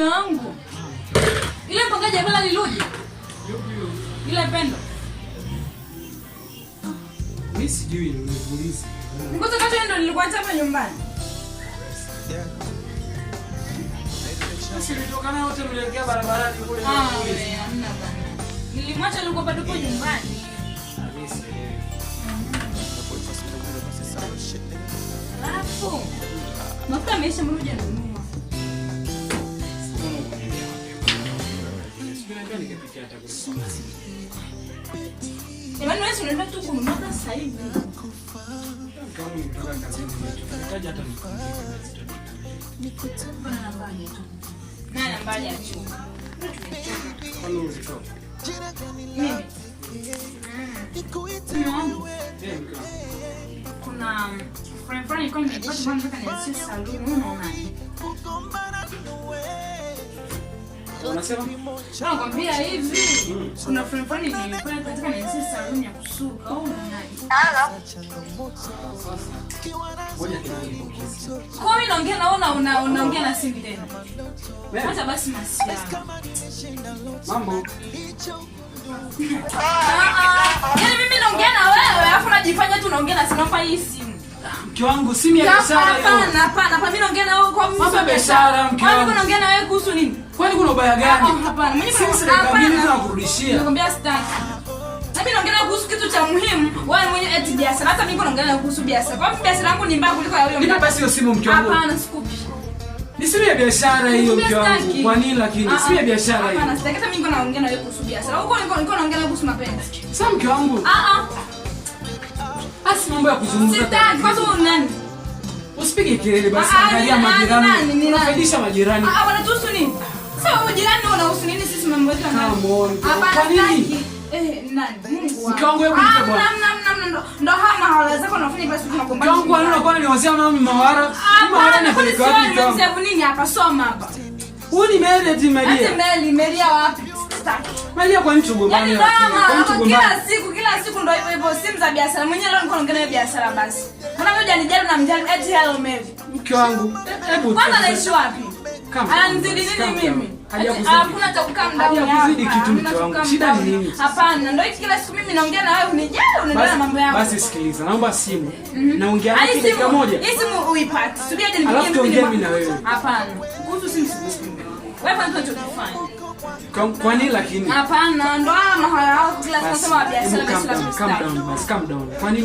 mume wangu. Ile mpangaji bila liluje? Ile pendo. Mimi sijui ni polisi. Ngoja kata ndo nilikuacha hapa nyumbani. Sisi wote mlielekea barabarani kule. Ah, hamna Nilimwacha nilikuwa bado kwa nyumbani. Alafu, mafuta ameisha mrudi Kuna um, Unasema? Sawa hivi. Kuna friend fulani nilikuwa nataka nianze saluni ya kusuka au nani? Halo. Kwa nini naongea naona una unaongea na Cindy tena? Hata basi masia. Mambo. Ah, ah. Yaani mimi naongea na wewe, alafu unajifanya tu unaongea na simu hii simu. Mke wangu simu ya kisasa hiyo. Hapana, hapana kwa mtu wa biashara mke wangu. Unaongea na wewe kuhusu nini? Kwani kuna ubaya ah, gani? Ah, hapana. Mimi nakurudishia. Nimekwambia sitaki. Mimi naongea kuhusu kitu cha muhimu. Wewe mwenyewe eti biashara. Hata mimi naongea kuhusu biashara. Kwa nini biashara yangu ni mbaya kuliko ya wewe? Nipe basi hiyo simu mke wangu. Hapana, sikupi. Ni simu ya biashara hiyo mke wangu. Kwa nini lakini? Ah, simu ya biashara hiyo. Hapana, sitaki hata mimi naongea na wewe kuhusu biashara. Huko niko naongea kuhusu mapenzi. Sasa mke wangu. Ah ah. Basi mambo ya kuzungumza. Sitaki. Kwa sababu nani? Usipige kelele basi, ah, ah, angalia majirani. Unafaidisha majirani. Ah, ah, wanatuhusu nini? Sawa, majirani wanahusu nini sisi mambo nani? kama mbona? Kwa nini? Eh, nani? Mke wangu yeye kuita bwana. Namna namna ndo hama hawala zako unafanya basi tunakombana. Mke wangu anaona kwani ni wazee na mimi mawara. Mawara na kuliko wapi tu. Mzee nini hapa soma hapa. Huyu ni Mary Di Maria. Ati Mary Maria wapi? Maria kwa mtu gombani. Kila siku kila siku ndo hivyo hivyo, simu za biashara. Mwenyewe leo niko naongelea biashara basi. Mbona wewe unanijali na mjali eti eh, hello Mary? Mke wangu. Hebu kwanza naishi wapi? Ananizidi nini mimi? Hakuna cha kukaa ndani yako. Hakuzidi kitu mke wangu. Shida ni nini? Hapana, ndio hiki kila siku mimi naongea na wewe unijali, unaendelea mambo yako. Basi sikiliza, naomba simu. Mhm. Naongea na kile kama moja. Hii simu uipate. Subiri hadi nipigie mimi na wewe. Hapana. Kuhusu simu simu. Wewe fanya unachokifanya. Kwa, kwa nini lakini? Hapana, ndo mahala hao kila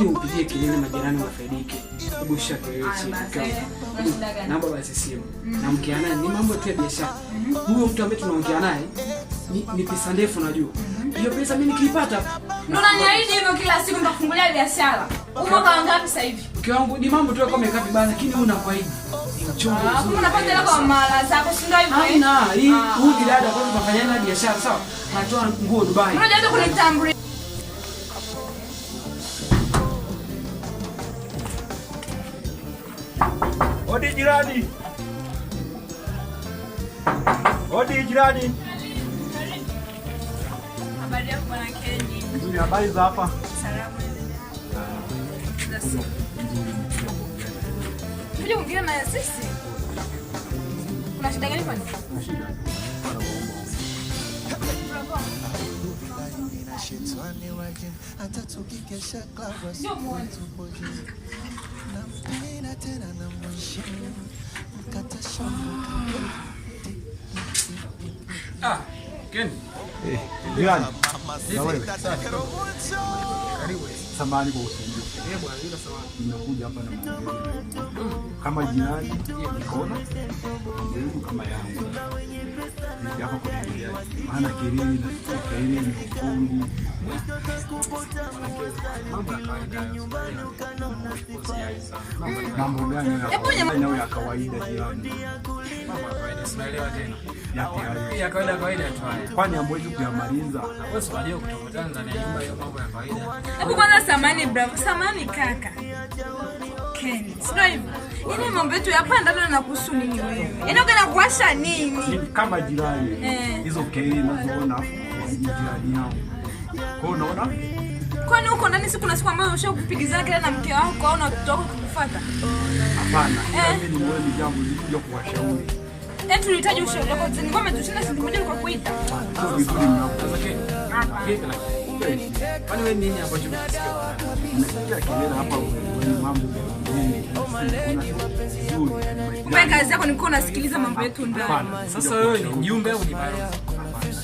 upigie kelele majirani wafaidike? Hebu shaka hiyo basi simu. Mm. Na naye ni mambo tu ya biashara. Mm-hmm. Huyo mtu ambaye tunaongea naye ni, pesa ndefu najua. Mm-hmm. Hiyo pesa mimi nikiipata ndo hivyo kila siku nitakufungulia biashara. Umo kwa ngapi hivi? Kiwango ni mambo tu yako mekapi bana, lakini unakuahidi uchungu. Kama unapata hela kwa mara zako si ndio hivyo? Haina, hii huyu dada kwa tunafanyana biashara sawa. Anatoa nguo Dubai. Unajua hata kuna kitambulisho. Odi jirani. Odi jirani. Habari yako bwana Kenji. Ni habari za hapa. Salamu. Ah. Za Kuja kuongea na sisi. shida gani kwani? Ah, eh, Samahani kwa usumbufu. Nimekuja hapa na kama jirani nikaona jaribu kama yangu maana kelele na kelele ni ukungu Mambo gani ya kawaida jirani? Kwani kwanza samani, bravo. Samani kaka. Ini yaani mambo yetu na kuhusu nini wewe? Yaani ukaenda kuwasha nini? Kama jirani. Eh. Hizo kelele unazoona jirani yao. Kwa unaona? Kwani huko ndani siku na siku ambayo umeshakupigizana kila na mke wako au na mtoto wako kukufuata? Hapana. Eh. Mimi ni wewe jambo nilikuja kuwashauri. Eh, tulihitaji ushauri wako. Ni ngoma tushinda siku moja kwa kuita. Sio Kwani wewe nini hapo chumba? Unasikia kelele hapa wewe mambo. Kumbe kazi yako ni nasikiliza mambo yetu ndani. Sasa wewe ni mjumbe au ni balozi?